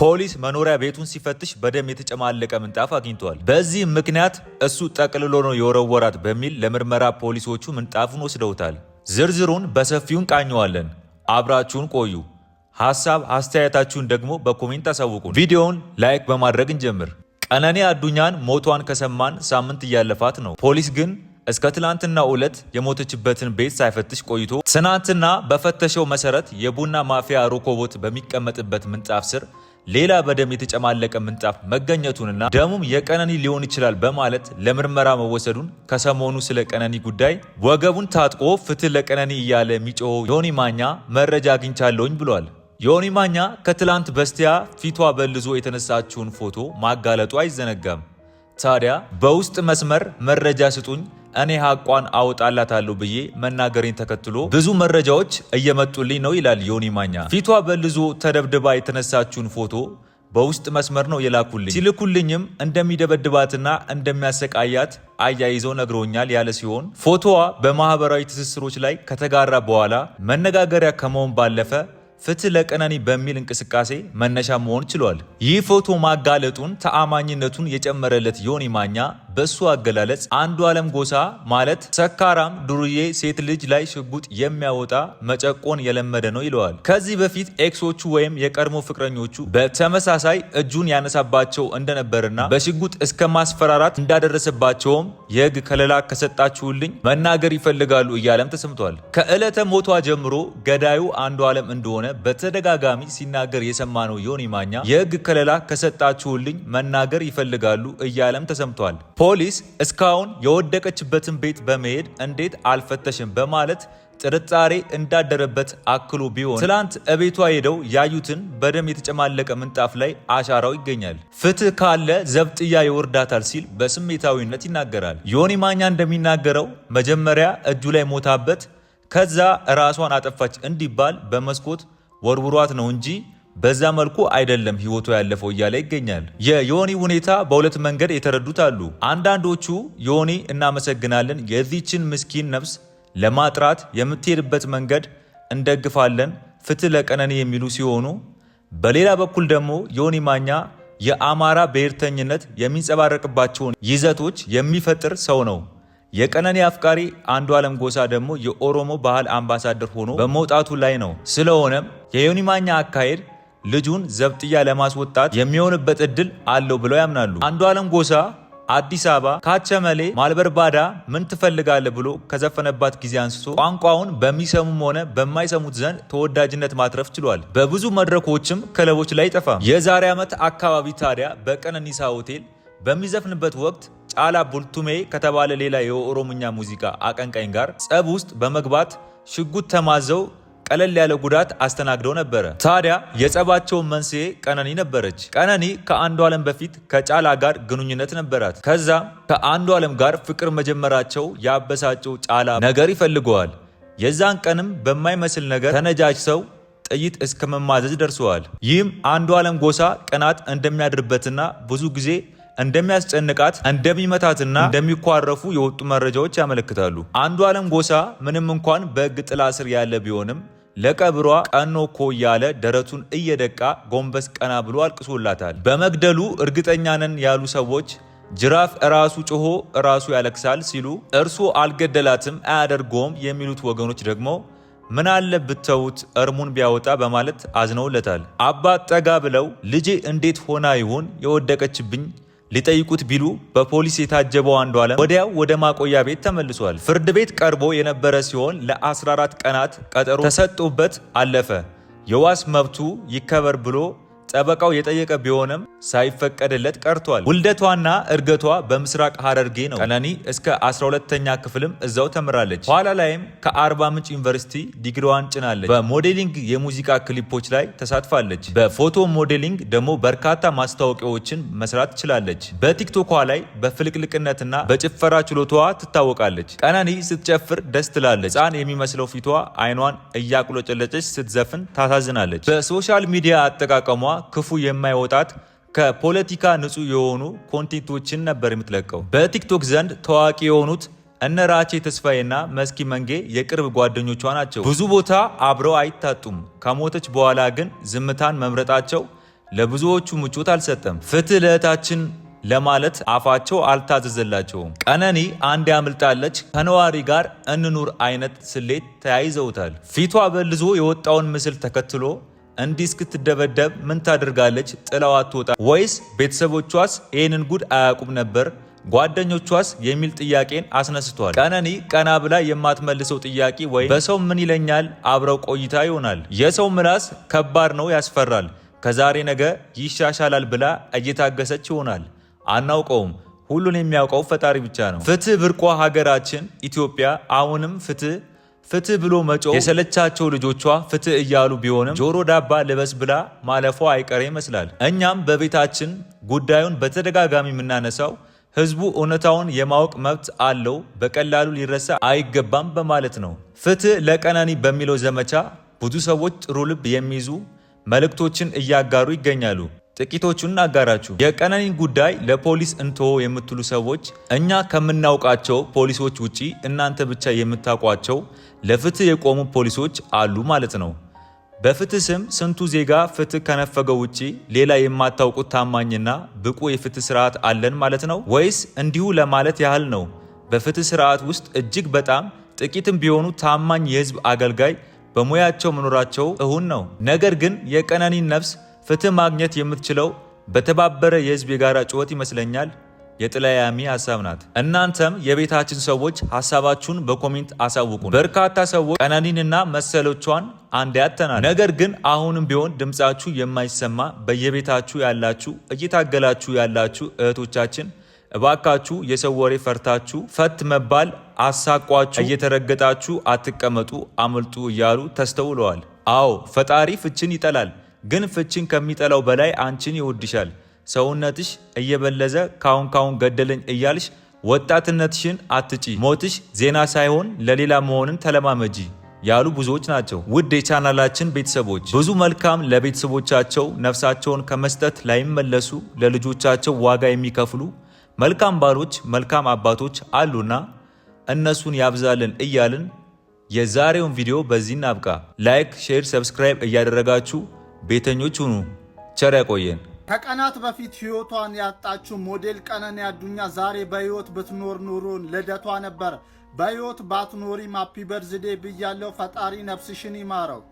ፖሊስ መኖሪያ ቤቱን ሲፈትሽ በደም የተጨማለቀ ምንጣፍ አግኝተዋል። በዚህ ምክንያት እሱ ጠቅልሎ ነው የወረወራት በሚል ለምርመራ ፖሊሶቹ ምንጣፉን ወስደውታል። ዝርዝሩን በሰፊው እንቃኘዋለን። አብራችሁን ቆዩ። ሀሳብ አስተያየታችሁን ደግሞ በኮሜንት አሳውቁ ቪዲዮውን ላይክ በማድረግ እንጀምር። ቀነኔ አዱኛን ሞቷን ከሰማን ሳምንት እያለፋት ነው። ፖሊስ ግን እስከ ትላንትና ዕለት የሞተችበትን ቤት ሳይፈትሽ ቆይቶ ትናንትና በፈተሸው መሰረት የቡና ማፊያ ሮኮቦት በሚቀመጥበት ምንጣፍ ስር ሌላ በደም የተጨማለቀ ምንጣፍ መገኘቱንና ደሙም የቀነኒ ሊሆን ይችላል በማለት ለምርመራ መወሰዱን ከሰሞኑ ስለ ቀነኒ ጉዳይ ወገቡን ታጥቆ ፍትህ ለቀነኒ እያለ የሚጮኸው ዮኒ ማኛ መረጃ አግኝቻለሁኝ ብሏል። ዮኒ ማኛ ከትላንት በስቲያ ፊቷ በልዞ የተነሳችውን ፎቶ ማጋለጡ አይዘነጋም። ታዲያ በውስጥ መስመር መረጃ ስጡኝ እኔ ሀቋን አወጣላታለሁ ብዬ መናገሬን ተከትሎ ብዙ መረጃዎች እየመጡልኝ ነው ይላል ዮኒ ማኛ። ፊቷ በልዞ ተደብድባ የተነሳችውን ፎቶ በውስጥ መስመር ነው የላኩልኝ። ሲልኩልኝም እንደሚደበድባትና እንደሚያሰቃያት አያይዘው ነግሮኛል ያለ ሲሆን ፎቶዋ በማህበራዊ ትስስሮች ላይ ከተጋራ በኋላ መነጋገሪያ ከመሆን ባለፈ ፍትህ ለቀነኒ በሚል እንቅስቃሴ መነሻ መሆን ችሏል። ይህ ፎቶ ማጋለጡን ተአማኝነቱን የጨመረለት ዮኒ ማኛ በሱ አገላለጽ አንዱ ዓለም ጎሳ ማለት ሰካራም ዱርዬ ሴት ልጅ ላይ ሽጉጥ የሚያወጣ መጨቆን የለመደ ነው ይለዋል። ከዚህ በፊት ኤክሶቹ ወይም የቀድሞ ፍቅረኞቹ በተመሳሳይ እጁን ያነሳባቸው እንደነበርና በሽጉጥ እስከ ማስፈራራት እንዳደረሰባቸውም የህግ ከለላ ከሰጣችሁልኝ መናገር ይፈልጋሉ እያለም ተሰምቷል። ከዕለተ ሞቷ ጀምሮ ገዳዩ አንዱ ዓለም እንደሆነ በተደጋጋሚ ሲናገር የሰማ ነው ዮኒ ማኛ የህግ ከለላ ከሰጣችሁልኝ መናገር ይፈልጋሉ እያለም ተሰምቷል። ፖሊስ እስካሁን የወደቀችበትን ቤት በመሄድ እንዴት አልፈተሽም በማለት ጥርጣሬ እንዳደረበት አክሎ ቢሆን ትላንት እቤቷ ሄደው ያዩትን በደም የተጨማለቀ ምንጣፍ ላይ አሻራው ይገኛል። ፍትህ ካለ ዘብጥያ ይወርዳታል ሲል በስሜታዊነት ይናገራል። ዮኒ ማኛ እንደሚናገረው መጀመሪያ እጁ ላይ ሞታበት ከዛ ራሷን አጠፋች እንዲባል በመስኮት ወርውሯት ነው እንጂ በዛ መልኩ አይደለም ህይወቱ ያለፈው እያለ ይገኛል። የዮኒ ሁኔታ በሁለት መንገድ የተረዱት አሉ። አንዳንዶቹ ዮኒ እናመሰግናለን፣ የዚችን ምስኪን ነፍስ ለማጥራት የምትሄድበት መንገድ እንደግፋለን፣ ፍትህ ለቀነኒ የሚሉ ሲሆኑ በሌላ በኩል ደግሞ ዮኒ ማኛ የአማራ ብሔርተኝነት የሚንጸባረቅባቸውን ይዘቶች የሚፈጥር ሰው ነው። የቀነኒ አፍቃሪ አንዱ ዓለም ጎሳ ደግሞ የኦሮሞ ባህል አምባሳደር ሆኖ በመውጣቱ ላይ ነው። ስለሆነም የዮኒ ማኛ አካሄድ ልጁን ዘብጥያ ለማስወጣት የሚሆንበት እድል አለው ብለው ያምናሉ። አለም ጎሳ አዲስ አበባ ካቸመሌ ማልበርባዳ ምን ትፈልጋለህ ብሎ ከዘፈነባት ጊዜ አንስቶ ቋንቋውን በሚሰሙም ሆነ በማይሰሙት ዘንድ ተወዳጅነት ማትረፍ ችሏል። በብዙ መድረኮችም ክለቦች ላይ ይጠፋም። የዛሬ ዓመት አካባቢ ታዲያ በቀነኒሳ ሆቴል በሚዘፍንበት ወቅት ጫላ ቡልቱሜ ከተባለ ሌላ የኦሮምኛ ሙዚቃ አቀንቃኝ ጋር ጸብ ውስጥ በመግባት ሽጉጥ ተማዘው ቀለል ያለ ጉዳት አስተናግደው ነበረ። ታዲያ የጸባቸውን መንስኤ ቀነኒ ነበረች። ቀነኒ ከአንዱ ዓለም በፊት ከጫላ ጋር ግንኙነት ነበራት። ከዛም ከአንዱ ዓለም ጋር ፍቅር መጀመራቸው ያበሳጨው ጫላ ነገር ይፈልገዋል። የዛን ቀንም በማይመስል ነገር ተነጃጅተው ጥይት እስከ መማዘዝ ደርሰዋል። ይህም አንዱ ዓለም ጎሳ ቅናት እንደሚያድርበትና ብዙ ጊዜ እንደሚያስጨንቃት እንደሚመታትና እንደሚኳረፉ የወጡ መረጃዎች ያመለክታሉ። አንዱ ዓለም ጎሳ ምንም እንኳን በሕግ ጥላ ስር ያለ ቢሆንም ለቀብሯ ቀኖ እኮ እያለ ደረቱን እየደቃ ጎንበስ ቀና ብሎ አልቅሶላታል። በመግደሉ እርግጠኛ ነን ያሉ ሰዎች ጅራፍ እራሱ ጮሆ እራሱ ያለቅሳል ሲሉ፣ እርሱ አልገደላትም አያደርገውም የሚሉት ወገኖች ደግሞ ምን አለ ብተውት እርሙን ቢያወጣ በማለት አዝነውለታል። አባት ጠጋ ብለው ልጄ እንዴት ሆና ይሆን የወደቀችብኝ ሊጠይቁት ቢሉ በፖሊስ የታጀበው አንዱ አለም ወዲያው ወደ ማቆያ ቤት ተመልሷል። ፍርድ ቤት ቀርቦ የነበረ ሲሆን ለ14 ቀናት ቀጠሮ ተሰጥቶበት አለፈ። የዋስ መብቱ ይከበር ብሎ ጠበቃው የጠየቀ ቢሆንም ሳይፈቀድለት ቀርቷል። ውልደቷና እድገቷ በምስራቅ ሀረርጌ ነው። ቀነኒ እስከ 12ተኛ ክፍልም እዛው ተምራለች። ኋላ ላይም ከአርባ ምንጭ ዩኒቨርሲቲ ዲግሪዋን ጭናለች። በሞዴሊንግ የሙዚቃ ክሊፖች ላይ ተሳትፋለች። በፎቶ ሞዴሊንግ ደግሞ በርካታ ማስታወቂያዎችን መስራት ትችላለች። በቲክቶኳ ላይ በፍልቅልቅነትና በጭፈራ ችሎታዋ ትታወቃለች። ቀነኒ ስትጨፍር ደስ ትላለች። ህፃን የሚመስለው ፊቷ አይኗን እያቁለጨለጨች ስትዘፍን ታሳዝናለች። በሶሻል ሚዲያ አጠቃቀሟ ክፉ የማይወጣት ከፖለቲካ ንጹህ የሆኑ ኮንቴንቶችን ነበር የምትለቀው። በቲክቶክ ዘንድ ታዋቂ የሆኑት እነ ራቼ ተስፋዬና መስኪ መንጌ የቅርብ ጓደኞቿ ናቸው። ብዙ ቦታ አብረው አይታጡም። ከሞተች በኋላ ግን ዝምታን መምረጣቸው ለብዙዎቹ ምቾት አልሰጠም። ፍትህ ለእህታችን ለማለት አፋቸው አልታዘዘላቸውም። ቀነኒ አንድ ያምልጣለች ከነዋሪ ጋር እንኑር አይነት ስሌት ተያይዘውታል። ፊቷ በልዞ የወጣውን ምስል ተከትሎ እንዲህ እስክትደበደብ ምን ታደርጋለች? ጥላዋ ትወጣ ወይስ ቤተሰቦቿስ ይህንን ጉድ አያውቁም ነበር? ጓደኞቿስ የሚል ጥያቄን አስነስቷል። ቀነኒ ቀና ብላ የማትመልሰው ጥያቄ ወይም በሰው ምን ይለኛል አብረው ቆይታ ይሆናል። የሰው ምላስ ከባድ ነው፣ ያስፈራል። ከዛሬ ነገ ይሻሻላል ብላ እየታገሰች ይሆናል። አናውቀውም። ሁሉን የሚያውቀው ፈጣሪ ብቻ ነው። ፍትህ ብርቋ ሀገራችን ኢትዮጵያ አሁንም ፍትህ ፍትህ ብሎ መጮ የሰለቻቸው ልጆቿ ፍትህ እያሉ ቢሆንም ጆሮ ዳባ ልበስ ብላ ማለፏ አይቀሬ ይመስላል። እኛም በቤታችን ጉዳዩን በተደጋጋሚ የምናነሳው ህዝቡ እውነታውን የማወቅ መብት አለው፣ በቀላሉ ሊረሳ አይገባም በማለት ነው። ፍትህ ለቀነኒ በሚለው ዘመቻ ብዙ ሰዎች ጥሩ ልብ የሚይዙ መልእክቶችን እያጋሩ ይገኛሉ። ጥቂቶቹን አጋራችሁ። የቀነኒን ጉዳይ ለፖሊስ እንትሆ የምትሉ ሰዎች እኛ ከምናውቃቸው ፖሊሶች ውጪ እናንተ ብቻ የምታውቋቸው ለፍትህ የቆሙ ፖሊሶች አሉ ማለት ነው። በፍትህ ስም ስንቱ ዜጋ ፍትህ ከነፈገው ውጪ ሌላ የማታውቁት ታማኝና ብቁ የፍትህ ስርዓት አለን ማለት ነው? ወይስ እንዲሁ ለማለት ያህል ነው? በፍትህ ስርዓት ውስጥ እጅግ በጣም ጥቂትም ቢሆኑ ታማኝ የህዝብ አገልጋይ በሙያቸው መኖራቸው እሁን ነው። ነገር ግን የቀነኒን ነፍስ ፍትህ ማግኘት የምትችለው በተባበረ የህዝብ የጋራ ጩኸት ይመስለኛል የጥላያሚ ሀሳብ ናት። እናንተም የቤታችን ሰዎች ሀሳባችሁን በኮሜንት አሳውቁ። በርካታ ሰዎች ቀነኒንና መሰሎቿን አንድ ያተናል። ነገር ግን አሁንም ቢሆን ድምፃችሁ የማይሰማ በየቤታችሁ ያላችሁ እየታገላችሁ ያላችሁ እህቶቻችን እባካችሁ የሰው ወሬ ፈርታችሁ ፈት መባል አሳቋችሁ እየተረገጣችሁ አትቀመጡ፣ አምልጡ እያሉ ተስተውለዋል። አዎ ፈጣሪ ፍችን ይጠላል። ግን ፍችን ከሚጠላው በላይ አንቺን ይወድሻል። ሰውነትሽ እየበለዘ ካሁን ካሁን ገደለኝ እያልሽ ወጣትነትሽን አትጪ። ሞትሽ ዜና ሳይሆን ለሌላ መሆንን ተለማመጂ ያሉ ብዙዎች ናቸው። ውድ የቻናላችን ቤተሰቦች ብዙ መልካም ለቤተሰቦቻቸው ነፍሳቸውን ከመስጠት ላይመለሱ ለልጆቻቸው ዋጋ የሚከፍሉ መልካም ባሎች፣ መልካም አባቶች አሉና እነሱን ያብዛልን እያልን የዛሬውን ቪዲዮ በዚህ እናብቃ። ላይክ፣ ሼር፣ ሰብስክራይብ እያደረጋችሁ ቤተኞች ሁኑ። ቸር ያቆየን። ከቀናት በፊት ሕይወቷን ያጣችው ሞዴል ቀነኒ አዱኛ ዛሬ በህይወት ብትኖር ኑሮን ልደቷ ነበር። በሕይወት ባትኖሪም ሃፒ በርዝዴ ብያለው። ፈጣሪ ነፍስሽን ይማረው።